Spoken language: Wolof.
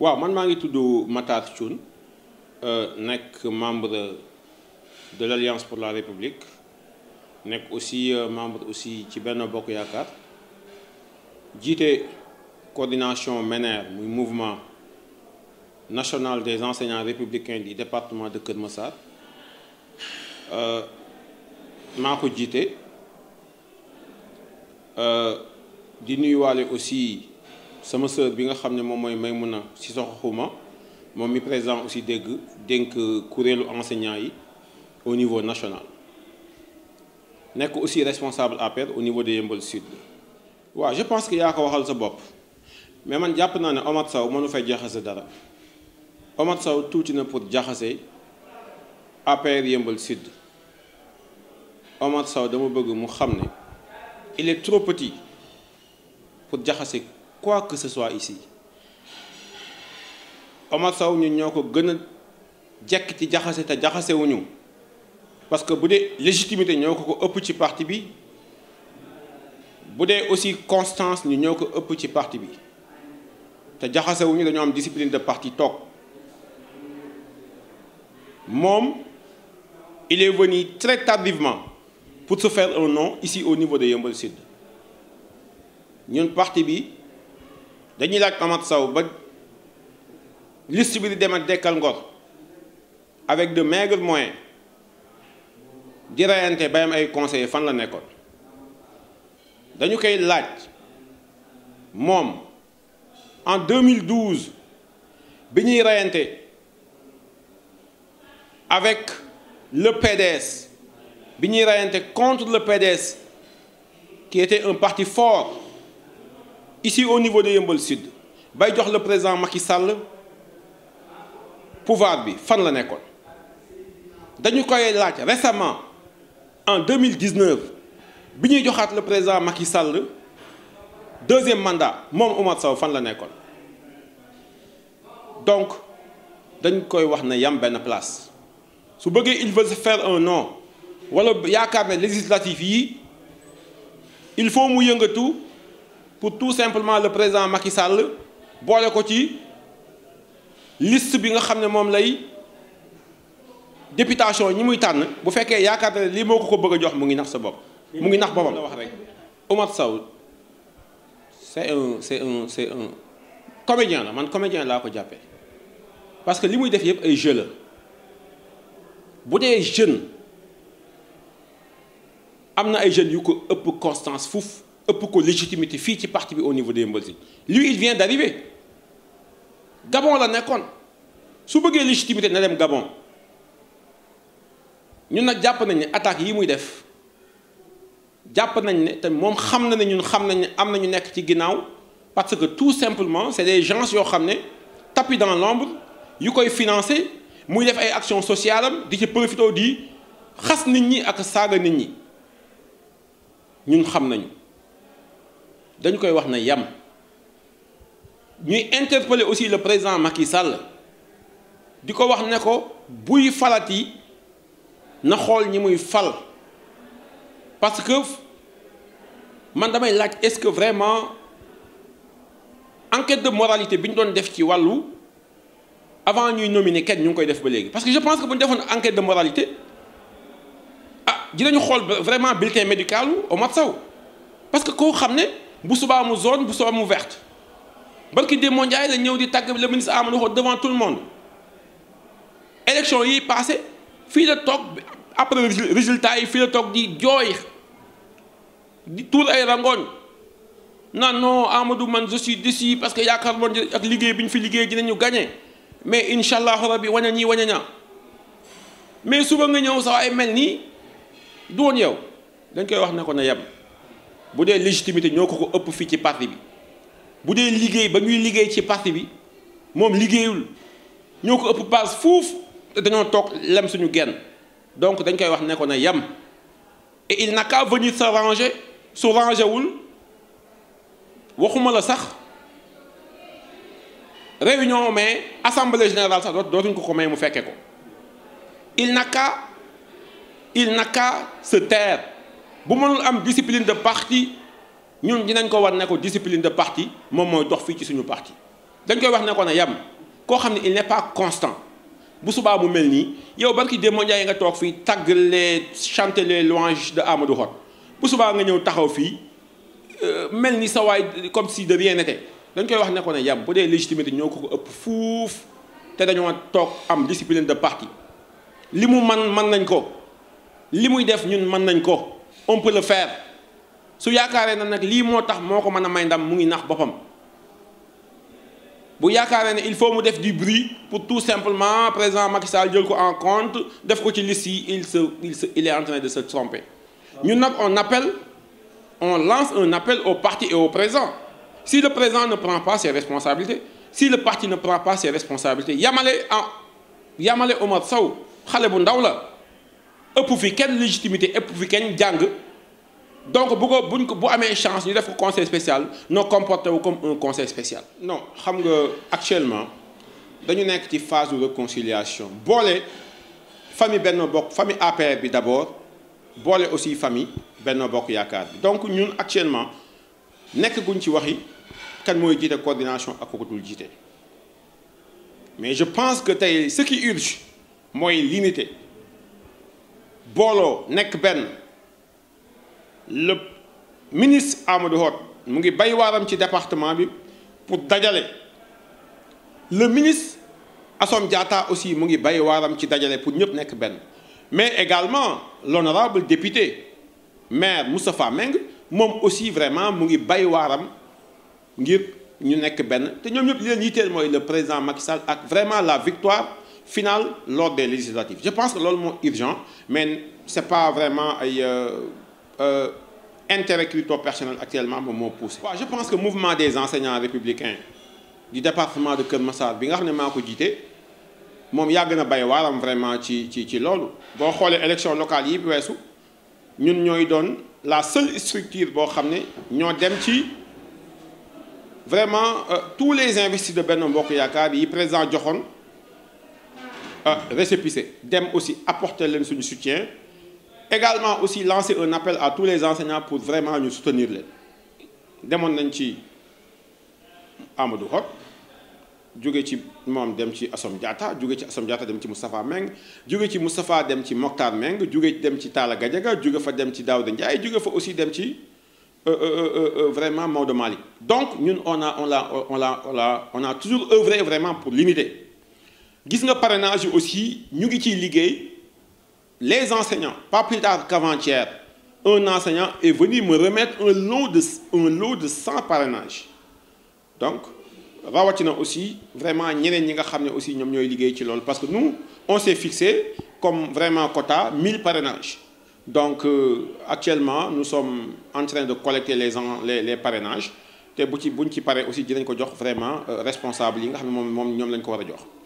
waaw man maa ngi tudd Matar Thioune euh, nekk membre de l'Alliance pour la République nekk aussi euh, membre aussi ci benn Bokk Yaakaar jiite coordination MENER muy mouvement national des enseignants républicains du département de Kër Massar euh, maa ko jiite di nuyuwaale aussi sama sœur bi nga xam ne moom mooy mun a Sissoko Khouma moom mi président aussi dégg dénk kuréelu enseignants yi au niveau national nekk aussi responsable APR au niveau de Yeumbeul Sud waa je pense que yaa ko waxal sa bopp mais man jàpp naa ne Omar Sow mënu fay jaxase dara Omar saw tuuti na pour jaxase APR Yeumbeul Sud Omar saw dama bëgg mu xam ne il est pour jaxase quoi que ce soit ici Omar Sow ñu ñoo ko gën a jekk ci jaxase te jaxasewuñu parce que bu dee légitimité ñoo ko ko ëpp ci parti bi bu dee aussi constance ñu ñoo ko ëpp ci parti bi te jaxasewuñu dañoo am discipline de parti toog moom il est venu très tardivement pour se faire un nom ici au niveau de Yeumbeul Sud ñun parti bi dañuy laaj amat Sow ba liste bi di dem ak dekkal ngor avec de maigres moyens di reyante bayam ay conseillers fan la nekkoon dañu koy laaj moom en 2012 bi ñuy reyante avec le PDS bi ñuy reyante contre le PDS qui était un parti fort ici au niveau de Yeumbeul Sud bay jox le président Macky Sall pouvoir bi fan la nekkoon dañu koy laaj récemment en 2019 bi ñuy joxaat le président Macky Sall deuxième mandat moom Oumar Sow fan la nekkoon donc dañ koy wax ne yam benn place su bëggee il veut faire un nom wala yaakaar na législatif yi il faut mu yëngatu. pour tout simplement le président Macky Sall boole ko ci liste bi nga xam ne moom lay députation ñi muy tànn bu fekkee yaakaar na lii moo ko ko bëgg a jox mu ngi nax sa bopp mu ngi nax boppam la wax rek Omar Sow c'est un c'est un c'est un comédien la man comédien laa ko jàppee parce que li muy def yëpp ay jeu bu dee jeune am na ay jeunes yu ko ëpp constance fuuf ëpp ko légitimité fii ci parti bi au niveau de des Mbeurzine lui il vient d'arriver Gabon la nekkoon su bëggee légitimité na dem Gabon ñun nag jàpp nañ ne attaques yi muy def jàpp nañ ne te moom xam na ne ñun xam nañ ne am na ñu nekk ci ginnaaw parce que tout simplement c'est des gens yoo xam ne tapis dans l'ombre yu koy financé muy def ay action sociales am di ci profité di xas nit ñi ak saaga nit ñi ñun xam nañu. dañu koy wax na yam ñuy interpeller aussi le président Macky Sall di ko wax ne ko buy falati na xool ñi muy fal parce que man damay laaj est-ce que vraiment enquête de moralité bi ñu doon def ci wàllu avant ñuy nominer kenn ñu ngi koy def ba léegi parce que je pense que bu ñu defoon enquête de moralité ah dinañu xool vraiment bulletin médical u saw parce que koo xam ne bu subaa mu zone bu subaa mu vert barki démb Ndiaye la ñëw di tàgg le ministre Amadou Hott devant tout le monde élection yi passé fii la toog après résultat yi fii la toog di jooy di tuur ay rangoon non non Amadou man je suis déçu parce que yaakaar moon ak liggéey bi ñu fi liggéey dinañu gagné mais incha allahu rabi waña ñii waña ñaa mais suba nga ñëw sax ay mel nii du yow dañ koy wax ne ko na yem bu dee légitimité ñoo ko ko ëpp fii ci parti bi bu dee liggéey ba ñuy liggéey ci parti bi moom liggéeyul ñoo ko ëpp base fuuf dañoo toog lem suñu genn donc dañ koy wax ne na yem et il n'a qu'à venir se ranger su ranger wul waxuma la sax réunion mais assemblée générale sax dootuñ ko ko may mu fekkee ko il n'a qu'à il n'a qu'à se taire bu mënul am discipline de parti ñun dinañ ko war nekkoon ko de parti moom mooy dox fii ci suñu parti dañ wax ne ko na yam koo xam ne il n'est pas constant bu subaa mu mel nii yow ki barki Demba Ndiaye nga toog fii tàgg le chanter le louanges de Amadou Hott bu subaa nga ñëw taxaw fii euh, mel ni sa waay comme si de rien n'était dañ koy wax ne ko ne yam bu dee légitimité ñoo ko ko ëpp fuuf te dañoo toog am discipline de parti li mu man mën nañ ko li muy def ñun mën nañ ko on peut le faire su yaakaaree na nag lii moo tax moo ko mën a mayndam mu ngi nax boppam bu yaakaaree ne il faut mu def du bruit pour tout simplement président Macky Sall jël ko en compte def ko ci liste yi il se il est en train de se tromper ñun nag on appelle on lance un appel au parti et au président si le président ne prend pas ses responsabilités si le parti ne prend pas ses responsabilités yamale ah yamale Omar saw xale bu ndaw la ëpp fi kenn légitimité ëpp fi kenn jàng donc bu ko buñ ko bu amee chance ñu def ko conseil spécial noo comporté wu comme un conseil spécial. non xam nga actuellement dañu nekk ci phase de réconciliation boole famille Benno Bokk famille APR bi d'abord boole aussi famille Benno Bokk Yaakaar bi donc ñun actuellement nekk guñ ci waxi kan mooy jiite coordination ak ko dul jiite mais je pense que tey ce qui urge mooy limiter. booloo nekk benn le ministre Amadou Hott mu ngi bay waaram ci département bi pour dajale le ministre Assome Diatta aussi mu ngi bay waaram ci dajale pour ñëpp nekk benn mais également l'honorable député maire Moustapha Meng moom aussi vraiment mu ngi bay waaram ngir ñu nekk benn te ñoom ñëpp li leen yitteel mooy le président Macky Sall ak vraiment la victoire final lors des législatives je pense que loolu moo urgent mais c'est pas vraiment ay euh, euh, intérêt crypto personnel actuellement moom moo poussé. je pense que mouvement des enseignants républicains du département de Kër Massar bi nga xam ne maa ko jiite moom yàgg na bay waaram vraiment ci ci ci loolu boo xoolee élection locale yi weesu ñun ñooy doon la seule structure boo xam ne ñoo dem ci vraiment euh, tous les investisseurs de Benno Bokk Yaakaar yi président joxoon. récépissé dem aussi apporter leen suñu soutien également aussi lancer un appel à tous les enseignants pour vraiment ñu soutenir leen demoon nañ ci Amadou Hott jóge ci moom dem ci Assome Diatta jóge ci Assome Diatta dem ci Moustapha Meng jóge ci Moustapha dem ci Mokhtar Meng jóge dem ci Talla Gadiaga jóge fa dem ci Daouda Ndiaye jóge fa aussi dem ci euh, euh, euh, vraiment Maodo Malick donc ñun on a on l'a on l'a on l'a on a toujours œuvré vraiment pour limiter gis nga parrainage yi aussi ñu ngi ciy liggéey les enseignants pas plus tard qu'avant-hier un enseignant est venu me remettre un lot de un lot de cent parrainages donc rawatina aussi vraiment ñeneen ñi nga xam ne aussi ñoom ñooy liggéey ci loolu parce que nous on s'est fixé comme vraiment quota mille parenage donc euh, actuellement nous sommes en train de collecter les en les les parrainages te bu ci buñ ci paree aussi dinañ ko jox vraiment euh, responsable yi nga xam ne moom moom ñoom lañ ko war a jox.